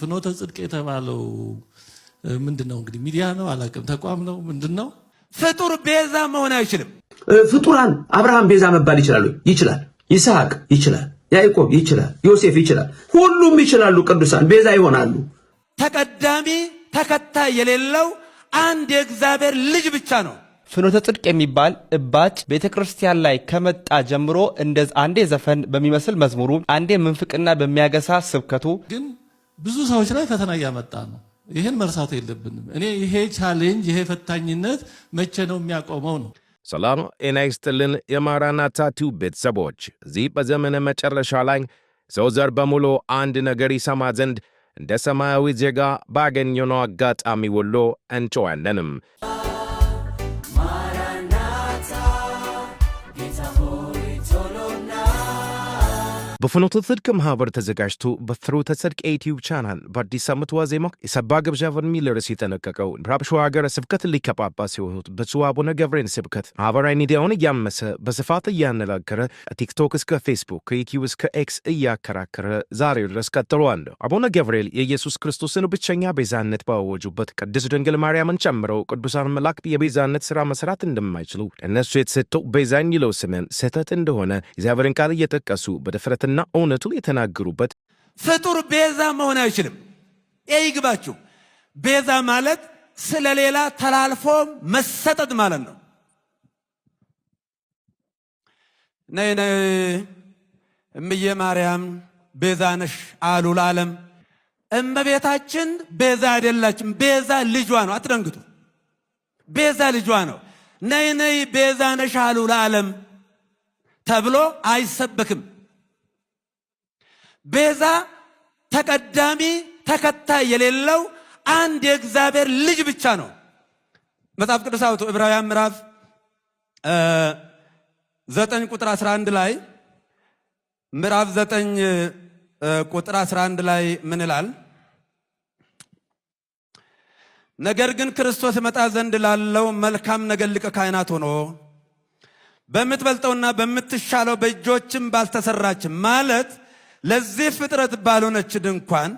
ፍኖተ ጽድቅ የተባለው ምንድን ነው እንግዲህ ሚዲያ ነው አላውቅም፣ ተቋም ነው ምንድን ነው? ፍጡር ቤዛ መሆን አይችልም። ፍጡራን አብርሃም ቤዛ መባል ይችላሉ? ይችላል። ይስሐቅ ይችላል። ያዕቆብ ይችላል። ዮሴፍ ይችላል። ሁሉም ይችላሉ። ቅዱሳን ቤዛ ይሆናሉ። ተቀዳሚ ተከታይ የሌለው አንድ የእግዚአብሔር ልጅ ብቻ ነው። ፍኖተ ጽድቅ የሚባል እባጭ ቤተ ክርስቲያን ላይ ከመጣ ጀምሮ እንደ አንዴ ዘፈን በሚመስል መዝሙሩ፣ አንዴ ምንፍቅና በሚያገሳ ስብከቱ ግን ብዙ ሰዎች ላይ ፈተና እያመጣ ነው። ይህን መርሳት የለብንም። እኔ ይሄ ቻሌንጅ ይሄ ፈታኝነት መቼ ነው የሚያቆመው ነው። ሰላም ጤና ይስጥልን። የማራናታ ቲዩብ ቤተሰቦች እዚህ በዘመነ መጨረሻ ላይ ሰው ዘር በሙሉ አንድ ነገር ይሰማ ዘንድ እንደ ሰማያዊ ዜጋ ባገኘነው አጋጣሚ ወሎ እንጨዋለንም። በፍኖተ ጽድቅ ማህበር ተዘጋጅቶ በፍኖተ ጽድቅ የዩቲዩብ ቻናል በአዲስ ዓመት ዋዜማ የሰባ ግብዣ በሚል ርዕስ የተለቀቀው ምዕራብ ሸዋ ሀገረ ስብከት ሊቀ ጳጳስ የሆኑት ብፁዕ አቡነ ገብሬን ስብከት ማህበራዊ ሚዲያውን እያመሰ በስፋት እያነጋገረ ከቲክቶክ እስከ ፌስቡክ ከዩቲዩብ እስከ ኤክስ እያከራከረ ዛሬ ድረስ ቀጥሏል። አቡነ ገብርኤል የኢየሱስ ክርስቶስን ብቸኛ ቤዛነት ባወጁበት ቅድስት ድንግል ማርያምን ጨምረው ቅዱሳን መላእክት የቤዛነት ስራ መስራት እንደማይችሉ ለእነሱ የተሰጠው ቤዛ የሚለው ስምም ስህተት እንደሆነ እግዚአብሔርን ቃል እየጠቀሱ በድፍረት ትናንትና እውነቱ የተናገሩበት ፍጡር ቤዛ መሆን አይችልም። ይግባችሁ። ቤዛ ማለት ስለሌላ ተላልፎ መሰጠት ማለት ነው። ነይ ነይ እምዬ ማርያም ቤዛ ነሽ አሉ ለዓለም። እመቤታችን ቤዛ አይደላችም። ቤዛ ልጇ ነው። አትደንግጡ። ቤዛ ልጇ ነው። ነይ ነይ ቤዛ ነሽ አሉ ለዓለም ተብሎ አይሰበክም። ቤዛ ተቀዳሚ ተከታይ የሌለው አንድ የእግዚአብሔር ልጅ ብቻ ነው። መጽሐፍ ቅዱስ አውቶ ዕብራውያን ምዕራፍ ዘጠኝ ቁጥር 11 ላይ ምዕራፍ ዘጠኝ ቁጥር 11 ላይ ምን ይላል? ነገር ግን ክርስቶስ መጣ ዘንድ ላለው መልካም ነገር ሊቀ ካህናት ሆኖ በምትበልጠውና በምትሻለው በእጆችም ባልተሰራች ማለት ለዚህ ፍጥረት ባልሆነች ድንኳን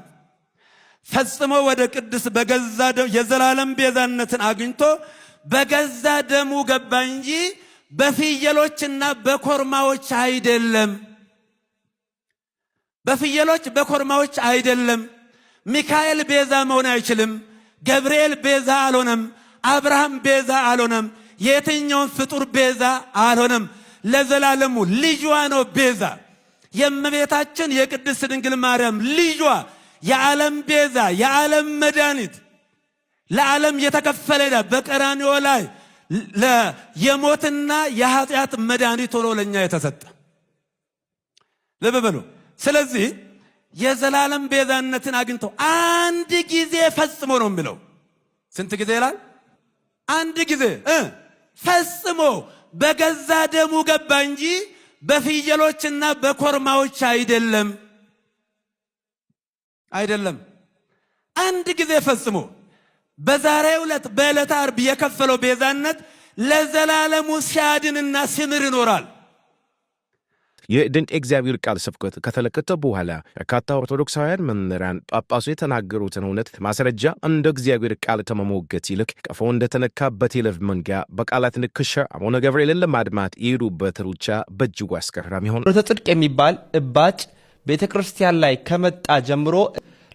ፈጽሞ ወደ ቅድስ በገዛ የዘላለም ቤዛነትን አግኝቶ በገዛ ደሙ ገባ እንጂ በፍየሎችና በኮርማዎች አይደለም። በፍየሎች በኮርማዎች አይደለም። ሚካኤል ቤዛ መሆን አይችልም። ገብርኤል ቤዛ አልሆነም። አብርሃም ቤዛ አልሆነም። የትኛውን ፍጡር ቤዛ አልሆነም። ለዘላለሙ ልጇ ነው ቤዛ የእመቤታችን የቅድስት ድንግል ማርያም ልጇ የዓለም ቤዛ የዓለም መድኃኒት ለዓለም የተከፈለ ዕዳ በቀራንዮ ላይ የሞትና የኃጢአት መድኃኒት ሆኖ ለእኛ የተሰጠ ልብ በሉ። ስለዚህ የዘላለም ቤዛነትን አግኝተው አንድ ጊዜ ፈጽሞ ነው የሚለው። ስንት ጊዜ ይላል? አንድ ጊዜ ፈጽሞ በገዛ ደሙ ገባ እንጂ በፍየሎችና በኮርማዎች አይደለም አይደለም። አንድ ጊዜ ፈጽሞ በዛሬው ዕለት በዕለተ ዓርብ የከፈለው ቤዛነት ለዘላለሙ ሲያድንና ሲምር ይኖራል። የድንቅ እግዚአብሔር ቃል ስብከት ከተለከተ በኋላ በርካታ ኦርቶዶክሳውያን መምህራን ጳጳሱ የተናገሩትን እውነት ማስረጃ እንደ እግዚአብሔር ቃል ተመሞገት ይልቅ ቀፎ እንደተነካ በቴለቭ መንጋ በቃላት ንክሻ አቡነ ገብርኤልን ለማድማት የሄዱበት ሩጫ በእጅጉ አስገራሚ ሆነ። ፍኖተ ጽድቅ የሚባል እባጭ ቤተ ክርስቲያን ላይ ከመጣ ጀምሮ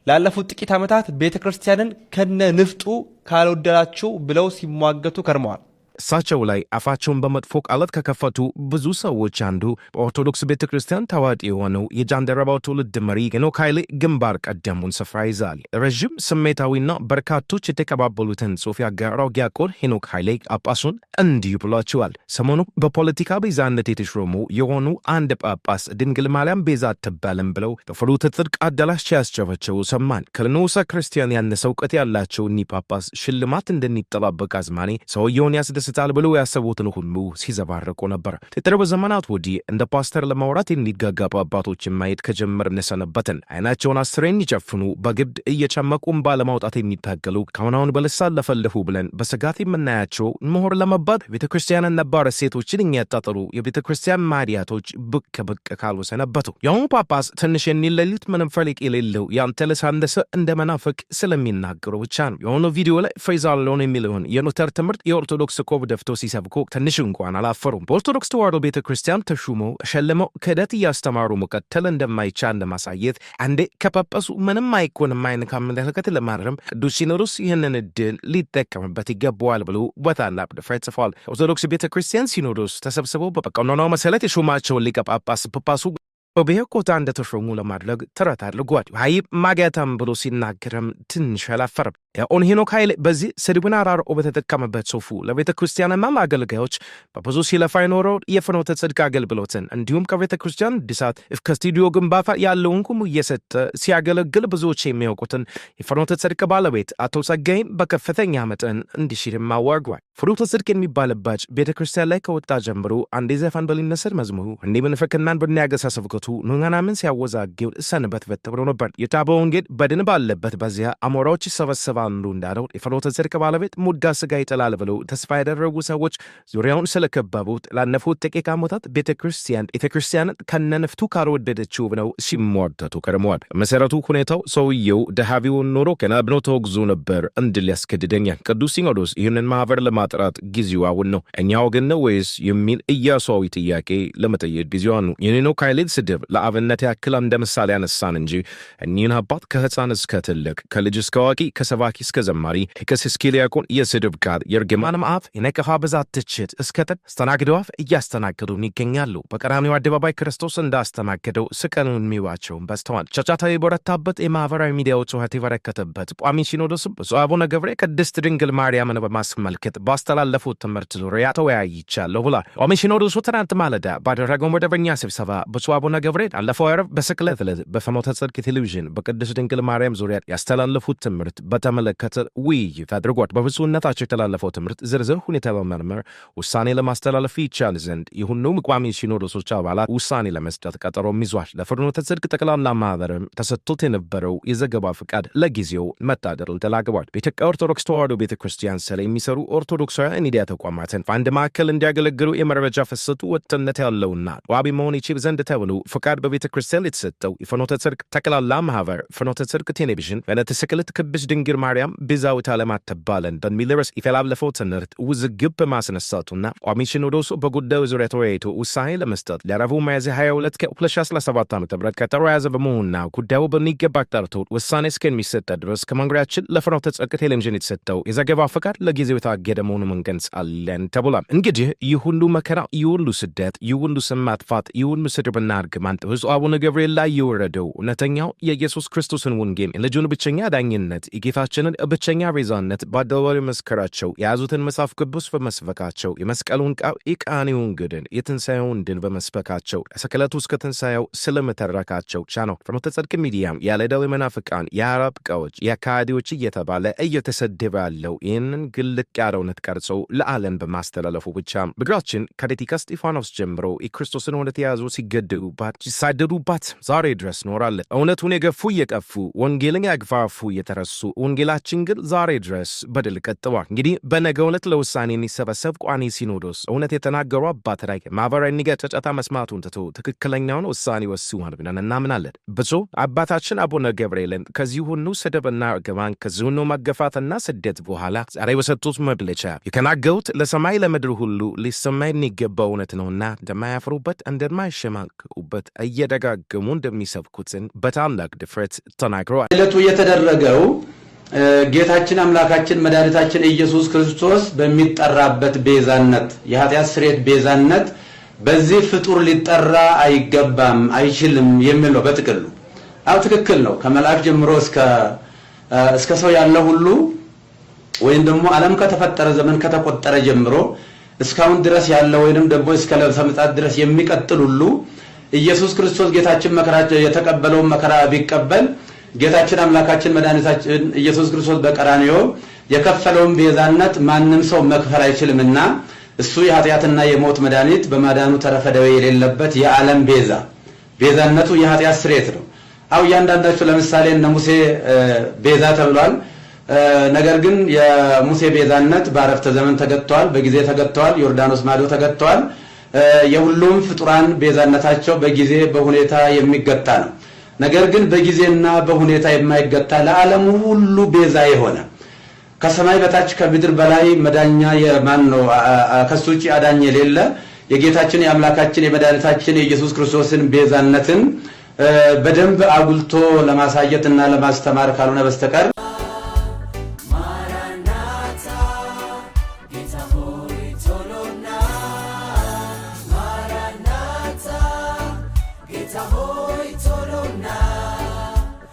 ላለፉት ጥቂት ዓመታት ቤተ ክርስቲያንን ከነ ንፍጡ ካልወደላችሁ ብለው ሲሟገቱ ከርመዋል። እሳቸው ላይ አፋቸውን በመጥፎ ቃላት ከከፈቱ ብዙ ሰዎች አንዱ በኦርቶዶክስ ቤተ ክርስቲያን ታዋቂ የሆነው የጃንደረባው ትውልድ መሪ ሄኖክ ኃይሌ ግንባር ቀደሙን ስፍራ ይዛል። ረዥም ስሜታዊና በርካቶች የተቀባበሉትን ጽሑፍ ያጋራው ዲያቆን ሄኖክ ኃይሌ ጳጳሱን እንዲህ ብሏቸዋል። ሰሞኑ በፖለቲካ ቤዛነት የተሾሙ የሆኑ አንድ ጳጳስ ድንግል ማርያም ቤዛ አትባልም ብለው በፍኖተ ጽድቅ አዳራሽ ሲያስጨበጭቡ ሰማን። ከርዕሰ ክርስቲያን ያነሰ እውቀት ያላቸው እኒህ ጳጳስ ሽልማት እንደሚጠባበቅ አዝማኔ ሰውየውን ያስደ ያስደስታል ብለው ያሰቡትን ሁሉ ሲዘባርቁ ነበር። ጥጥር ዘመናት ወዲህ እንደ ፓስተር ለማውራት የሚጋጋቡ አባቶች ማየት ከጀመር ሰነበትን። አይናቸውን አስረን ይጨፍኑ፣ በግድ እየጨመቁም ባለማውጣት የሚታገሉ ካሁናውን በልሳ ለፈለፉ ብለን በስጋት የምናያቸው ምሁር ለመባት ቤተ ክርስቲያንን ነባር እሴቶችን የሚያጣጥሉ የቤተ ክርስቲያን ማዲያቶች ብቅ ብቅ ካሉ ሰነበቱ። የአሁኑ ጳጳስ ትንሽ የሚለዩት ምንም ፈሊቅ የሌለው ያልተለሳለሰ እንደ መናፍቅ ስለሚናገሩ ብቻ ነው። የሆነ ቪዲዮ ላይ ፈይዛለውን የሚለውን የኖተር ትምህርት የኦርቶዶክስ እኮ ደፍቶ ሲሰብኩ ትንሽ እንኳን አላፈሩም። በኦርቶዶክስ ተዋሕዶ ቤተ ክርስቲያን ተሹሞ ሸልመው ክህደት እያስተማሩ መቀጠል እንደማይቻል ለማሳየት አንዴ ከጳጳሱ ምንም አይኮን አይን ካመለከት ለማረም ቅዱስ ሲኖዶስ ይህንን እድል ሊጠቀምበት ይገባዋል ብሎ በታላቅ ድፍረት ጽፏል። ኦርቶዶክስ ቤተ ክርስቲያን ሲኖዶስ ተሰብስበው በቀኖናው መሰረት የሾማቸውን ሊቀ ጳጳስ ጳጳሱ በብሔር ኮታ እንደተሾሙ ለማድረግ ጥረት አድርጓል። ሃይ ማጌተም ብሎ ሲናገርም ትንሽ አላፈርም። የኦን ሄኖክ ኃይል በዚህ ስድብን አራርቆ በተጠቀመበት ጽሑፉ ለቤተ ክርስቲያንና አገልጋዮች በብዙ ሲለፋ የኖረው የፍኖተ ጽድቅ አገልግሎትን እንዲሁም ከቤተ ክርስቲያን እድሳት እስከ ስቱዲዮ ግንባታ ያለውን ሁሉ እየሰጠ ሲያገለግል ብዙዎች የሚያውቁትን የፍኖተ ጽድቅ ባለቤት አቶ ጸጋይም በከፍተኛ መጠን እንዲሽልም አዋርጓል። ፍኖተ ጽድቅ የሚባልባጭ ቤተ ክርስቲያን ላይ ከወጣ ጀምሮ አንዴ ዘፈን በሊነሰድ መዝሙሩ እንዲህ ምንፍቅናን ብናያገሳ በመሞቱ ምዕመናንን ሲያወዛግብ ሰንበትበት ብሎ ነበር። የታቦ ወንጌል በድን ባለበት በዚያ አሞራዎች ይሰበሰባሉ እንዳለው የፍኖተ ጽድቅ ባለቤት ሙዳ ስጋ ይጥላል ብለው ተስፋ ያደረጉ ሰዎች ዙሪያውን ስለከበቡት ላለፉት ጥቂት ዓመታት ቤተ ክርስቲያን ቤተ ከነንፍቱ ካልወደደችው ብለው ሲሟተቱ ከርመዋል። መሰረቱ ሁኔታው ሰውየው ደሃቢውን ኖሮ ገና ብኖ ተወግዞ ነበር እንድል ያስገድደኛል። ቅዱስ ሲኖዶስ ይህንን ማህበር ለማጥራት ጊዜው አሁን ነው፣ እኛ ወገን ነው ወይስ የሚል እያሷዊ ጥያቄ ለመጠየቅ ጊዜዋ ነው። የኔኖ ካይሌድ ስደ ምግብ ለአብነት ያክል እንደ ምሳሌ ያነሳን እንጂ እኒህን አባት ከህፃን እስከ ትልቅ፣ ከልጅ እስከ አዋቂ፣ ከሰባኪ እስከ ዘማሪ ከስስኪሊያቁን የስድብ ጋር የእርግማን መዓት የነቀፋ ብዛት ትችት እስከ ጥል አስተናግደው አፍ እያስተናገዱን ይገኛሉ። በቀራንዮ አደባባይ ክርስቶስ እንዳስተናገደው ስቀኑ የሚዋቸውን በዝተዋል። ጫጫታ የበረታበት የማህበራዊ ሚዲያው ጩኸት የበረከተበት ቋሚ ሲኖዶስም ብፁዕ አቡነ ገብሬ ቅድስት ድንግል ማርያምን በማስመልከት ባስተላለፉት ትምህርት ዙሪያ ተወያይቻለሁ ብሏል። ቋሚ ሲኖዶሱ ትናንት ማለዳ ባደረገው መደበኛ ስብሰባ ብፁዕ አቡነ ገብርኤል አለፈው ዓርብ በስቅለት ዕለት በፍኖተ ጽድቅ ቴሌቪዥን በቅድስት ድንግል ማርያም ዙሪያ ያስተላለፉት ትምህርት በተመለከተ ውይይት አድርጓል። በብፁዕነታቸው የተላለፈው ትምህርት ዝርዝር ሁኔታ በመርመር ውሳኔ ለማስተላለፍ ይቻል ዘንድ የሁሉም ቋሚ ሲኖዶሶች አባላት ውሳኔ ለመስጠት ቀጠሮም ይዟል። ለፍኖተ ጽድቅ ጠቅላላ ማህበርም ተሰጥቶት የነበረው የዘገባ ፍቃድ ለጊዜው መታደል ተላግቧል። በኢትዮጵያ ኦርቶዶክስ ተዋሕዶ ቤተ ክርስቲያን ስለ የሚሰሩ ኦርቶዶክሳውያን ሚዲያ ተቋማትን በአንድ ማዕከል እንዲያገለግሉ የመረጃ ፍሰቱ ወጥነት ያለውና ዋቢ መሆን ይችል ዘንድ ተብሎ ፈቃድ በቤተ ክርስቲያን የተሰጠው የፍኖተ ጽድቅ ጠቅላላ ማህበር ፍኖተ ጽድቅ ቴሌቪዥን በነተ ስቅለት ቅድስት ድንግል ማርያም ቤዛዊተ ዓለም አትባለን በሚል ርዕስ የተላለፈው ትምህርት ውዝግብ በማስነሳቱና ቋሚ ሲኖዶሱ በጉዳዩ ዙሪያ ተወያይቶ ውሳኔ ለመስጠት ለረቡዕ ሚያዝያ 22 ከ2017 ዓ ም ቀጠሮ የያዘ በመሆኑና ጉዳዩ በሚገባ አጣርቶ ውሳኔ እስከሚሰጠ ድረስ ከመንግሪያችን ለፍኖተ ጽድቅ ቴሌቪዥን የተሰጠው የዘገባ ፈቃድ ለጊዜው የታገደ መሆኑን እንገልጻለን ተብሏል። እንግዲህ ይህ ሁሉ መከራ፣ ይህ ሁሉ ስደት፣ ይህ ሁሉ ስም ማጥፋት፣ ይህ ሁሉ ስድብና እርግማን ማንጠብጹ አቡነ ገብርኤል ላይ የወረደው እውነተኛው የኢየሱስ ክርስቶስን ወንጌል የልጁን ብቸኛ ዳኝነት የጌታችንን ብቸኛ ቤዛነት በአደባባይ መስከራቸው የያዙትን መጽሐፍ ቅዱስ በመስበካቸው የመስቀሉን ቃል የቃኔውን ግድን የትንሣኤውን ድን በመስበካቸው ከስቅለቱ እስከ ትንሣኤው ስለመተረካቸው ቻነው ፍኖተ ጽድቅ ሚዲያም ያለደው መናፍቃን የአረብ ቀዎች የካሃዲዎች እየተባለ እየተሰደበ ያለው ይህንን ግልቅ ያለ እውነት ቀርጸው ለዓለም በማስተላለፉ ብቻ ብግራችን ከደቂቀ እስጢፋኖስ ጀምሮ የክርስቶስን እውነት የያዙ ሲገደሉ ሲሳደዱባት ዛሬ ድረስ ኖራለች። እውነቱን የገፉ እየቀፉ ወንጌልን ያግፋፉ እየተረሱ ወንጌላችን ግን ዛሬ ድረስ በድል ቀጥሏል። እንግዲህ በነገ ዕለት ለውሳኔ የሚሰበሰብ ቋሚ ሲኖዶስ እውነት የተናገሩ አባት ላይ ማህበራዊ ንገድ ጨጨታ መስማቱን ትቶ ትክክለኛውን ውሳኔ ወስኗል ብለን እናምናለን። ብዙ አባታችን አቡነ ገብርኤልን ከዚህ ሁኑ ስድብና እርግማን ከዚህ ሁኑ መገፋትና ስደት በኋላ ዛሬ በሰጡት መግለጫ የተናገሩት ለሰማይ ለምድር ሁሉ ሊሰማ የሚገባው እውነት ነውና እንደማያፍሩበት እንደማይሸማቀቁበት እንዳለበት እየደጋገሙ እንደሚሰብኩትን በታላቅ ድፍረት ተናግረዋል። ዕለቱ የተደረገው ጌታችን አምላካችን መድኃኒታችን ኢየሱስ ክርስቶስ በሚጠራበት ቤዛነት የኃጢአት ስርየት ቤዛነት በዚህ ፍጡር ሊጠራ አይገባም አይችልም የሚል ነው። በጥቅሉ አው ትክክል ነው። ከመልአክ ጀምሮ እስከ እስከ ሰው ያለ ሁሉ ወይም ደግሞ ዓለም ከተፈጠረ ዘመን ከተቆጠረ ጀምሮ እስካሁን ድረስ ያለ ወይንም ደግሞ እስከ ለብሰ ምጽአት ድረስ የሚቀጥል ሁሉ ኢየሱስ ክርስቶስ ጌታችን መከራ የተቀበለውን መከራ ቢቀበል ጌታችን አምላካችን መድኃኒታችን ኢየሱስ ክርስቶስ በቀራንዮ የከፈለውን ቤዛነት ማንም ሰው መክፈል አይችልምና እሱ የኃጢአትና የሞት መድኃኒት በማዳኑ ተረፈ ደዌ የሌለበት የዓለም ቤዛ ቤዛነቱ የኃጢአት ስሬት ነው። አው እያንዳንዳቸው ለምሳሌ እነ ሙሴ ቤዛ ተብሏል። ነገር ግን የሙሴ ቤዛነት በአረፍተ ዘመን ተገጥተዋል፣ በጊዜ ተገጥተዋል፣ ዮርዳኖስ ማዶ ተገጥተዋል። የሁሉም ፍጡራን ቤዛነታቸው በጊዜ በሁኔታ የሚገታ ነው። ነገር ግን በጊዜና በሁኔታ የማይገታ ለዓለም ሁሉ ቤዛ የሆነ ከሰማይ በታች ከምድር በላይ መዳኛ የማን ነው? ከሱ ውጭ አዳኝ የሌለ የጌታችን የአምላካችን የመድኃኒታችን የኢየሱስ ክርስቶስን ቤዛነትን በደንብ አጉልቶ ለማሳየት እና ለማስተማር ካልሆነ በስተቀር